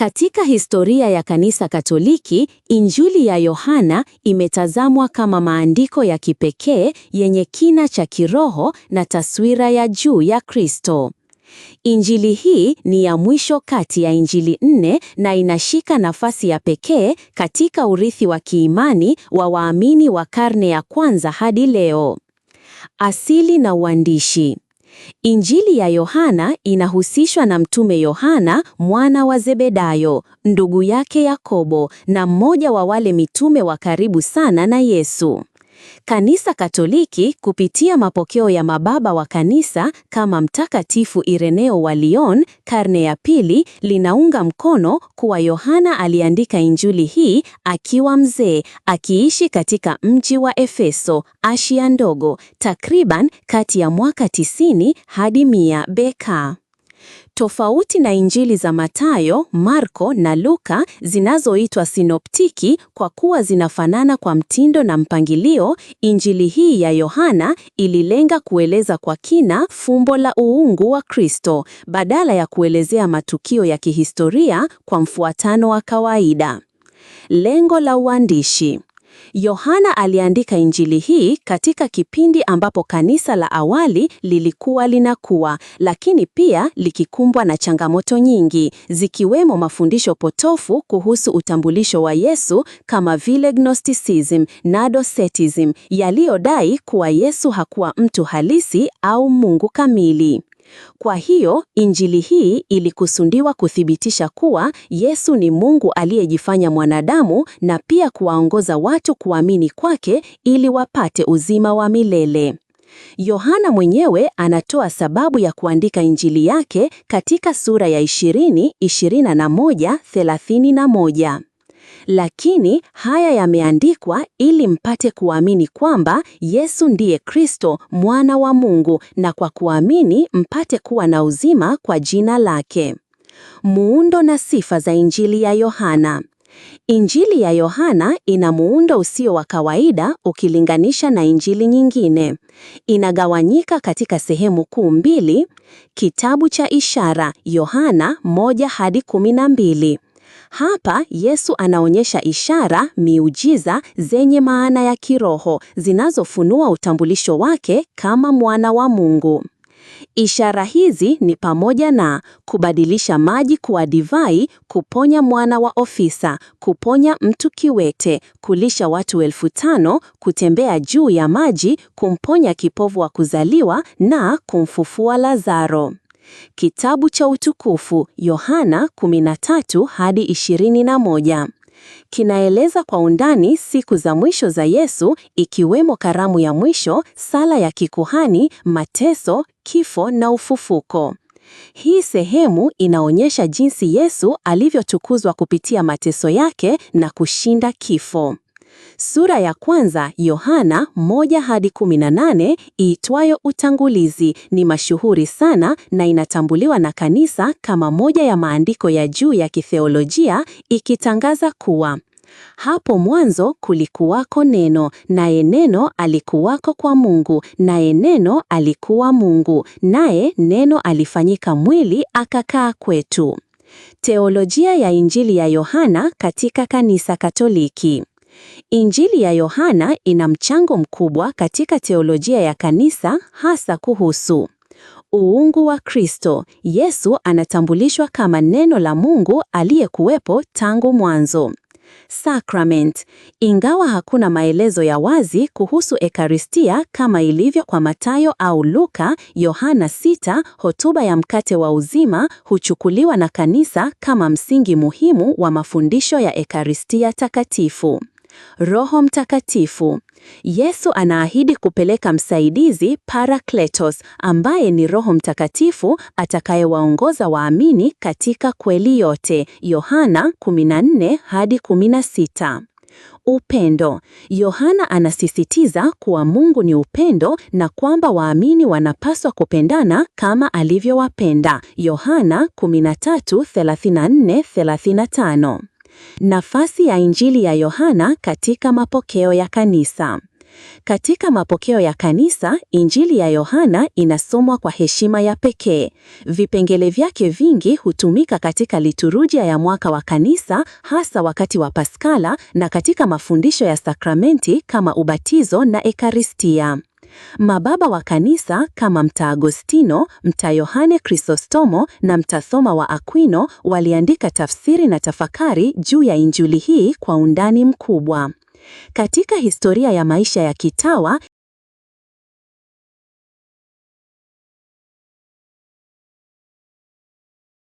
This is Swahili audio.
Katika historia ya Kanisa Katoliki, Injili ya Yohana imetazamwa kama maandiko ya kipekee yenye kina cha kiroho na taswira ya juu ya Kristo. Injili hii ni ya mwisho kati ya Injili nne na inashika nafasi ya pekee katika urithi wa kiimani wa waamini wa karne ya kwanza hadi leo. Asili na uandishi. Injili ya Yohana inahusishwa na mtume Yohana mwana wa Zebedayo, ndugu yake Yakobo na mmoja wa wale mitume wa karibu sana na Yesu. Kanisa Katoliki kupitia mapokeo ya mababa wa kanisa kama Mtakatifu Ireneo wa Lyon karne ya pili linaunga mkono kuwa Yohana aliandika Injili hii akiwa mzee, akiishi katika mji wa Efeso, Asia Ndogo, takriban kati ya mwaka 90 hadi 100 BK. Tofauti na Injili za Mathayo, Marko na Luka zinazoitwa sinoptiki kwa kuwa zinafanana kwa mtindo na mpangilio, Injili hii ya Yohana ililenga kueleza kwa kina fumbo la uungu wa Kristo badala ya kuelezea matukio ya kihistoria kwa mfuatano wa kawaida. Lengo la uandishi Yohana aliandika Injili hii katika kipindi ambapo kanisa la awali lilikuwa linakuwa, lakini pia likikumbwa na changamoto nyingi, zikiwemo mafundisho potofu kuhusu utambulisho wa Yesu kama vile Gnosticism na Docetism, yaliyodai kuwa Yesu hakuwa mtu halisi au Mungu kamili. Kwa hiyo injili hii ilikusudiwa kuthibitisha kuwa Yesu ni Mungu aliyejifanya mwanadamu na pia kuwaongoza watu kuamini kwake ili wapate uzima wa milele. Yohana mwenyewe anatoa sababu ya kuandika injili yake katika sura ya 20, 31 lakini haya yameandikwa ili mpate kuamini kwamba Yesu ndiye Kristo mwana wa Mungu, na kwa kuamini mpate kuwa na uzima kwa jina lake. Muundo na sifa za Injili ya Yohana. Injili ya Yohana ina muundo usio wa kawaida ukilinganisha na injili nyingine. Inagawanyika katika sehemu kuu mbili: kitabu cha ishara Yohana moja hadi hapa Yesu anaonyesha ishara, miujiza zenye maana ya kiroho zinazofunua utambulisho wake kama mwana wa Mungu. Ishara hizi ni pamoja na kubadilisha maji kuwa divai, kuponya mwana wa ofisa, kuponya mtu kiwete, kulisha watu elfu tano, kutembea juu ya maji, kumponya kipovu wa kuzaliwa na kumfufua Lazaro. Kitabu cha Utukufu Yohana 13 hadi 21 kinaeleza kwa undani siku za mwisho za Yesu, ikiwemo karamu ya mwisho, sala ya kikuhani, mateso, kifo na ufufuko. Hii sehemu inaonyesha jinsi Yesu alivyotukuzwa kupitia mateso yake na kushinda kifo. Sura ya kwanza Yohana 1 hadi 18 iitwayo Utangulizi ni mashuhuri sana na inatambuliwa na kanisa kama moja ya maandiko ya juu ya kitheolojia ikitangaza kuwa hapo mwanzo kulikuwako neno, naye neno alikuwako kwa Mungu, naye neno alikuwa Mungu, naye neno alifanyika mwili akakaa kwetu. Teolojia ya Injili ya Yohana katika Kanisa Katoliki. Injili ya Yohana ina mchango mkubwa katika teolojia ya kanisa, hasa kuhusu uungu wa Kristo. Yesu anatambulishwa kama neno la Mungu aliyekuwepo tangu mwanzo. Sacrament. Ingawa hakuna maelezo ya wazi kuhusu Ekaristia kama ilivyo kwa Mathayo au Luka, Yohana 6, hotuba ya mkate wa uzima huchukuliwa na kanisa kama msingi muhimu wa mafundisho ya Ekaristia takatifu. Roho Mtakatifu. Yesu anaahidi kupeleka msaidizi Parakletos, ambaye ni Roho Mtakatifu atakayewaongoza waamini katika kweli yote, Yohana 14 hadi 16. Upendo. Yohana anasisitiza kuwa Mungu ni upendo na kwamba waamini wanapaswa kupendana kama alivyowapenda. Yohana 13:34-35. Nafasi ya Injili ya Yohana katika mapokeo ya kanisa. Katika mapokeo ya kanisa, Injili ya Yohana inasomwa kwa heshima ya pekee. Vipengele vyake vingi hutumika katika liturujia ya mwaka wa kanisa, hasa wakati wa Paskala na katika mafundisho ya sakramenti kama ubatizo na Ekaristia. Mababa wa kanisa kama Mta Agostino, Mta Yohane Krisostomo na Mta Thoma wa Aquino waliandika tafsiri na tafakari juu ya Injili hii kwa undani mkubwa. Katika historia ya maisha ya kitawa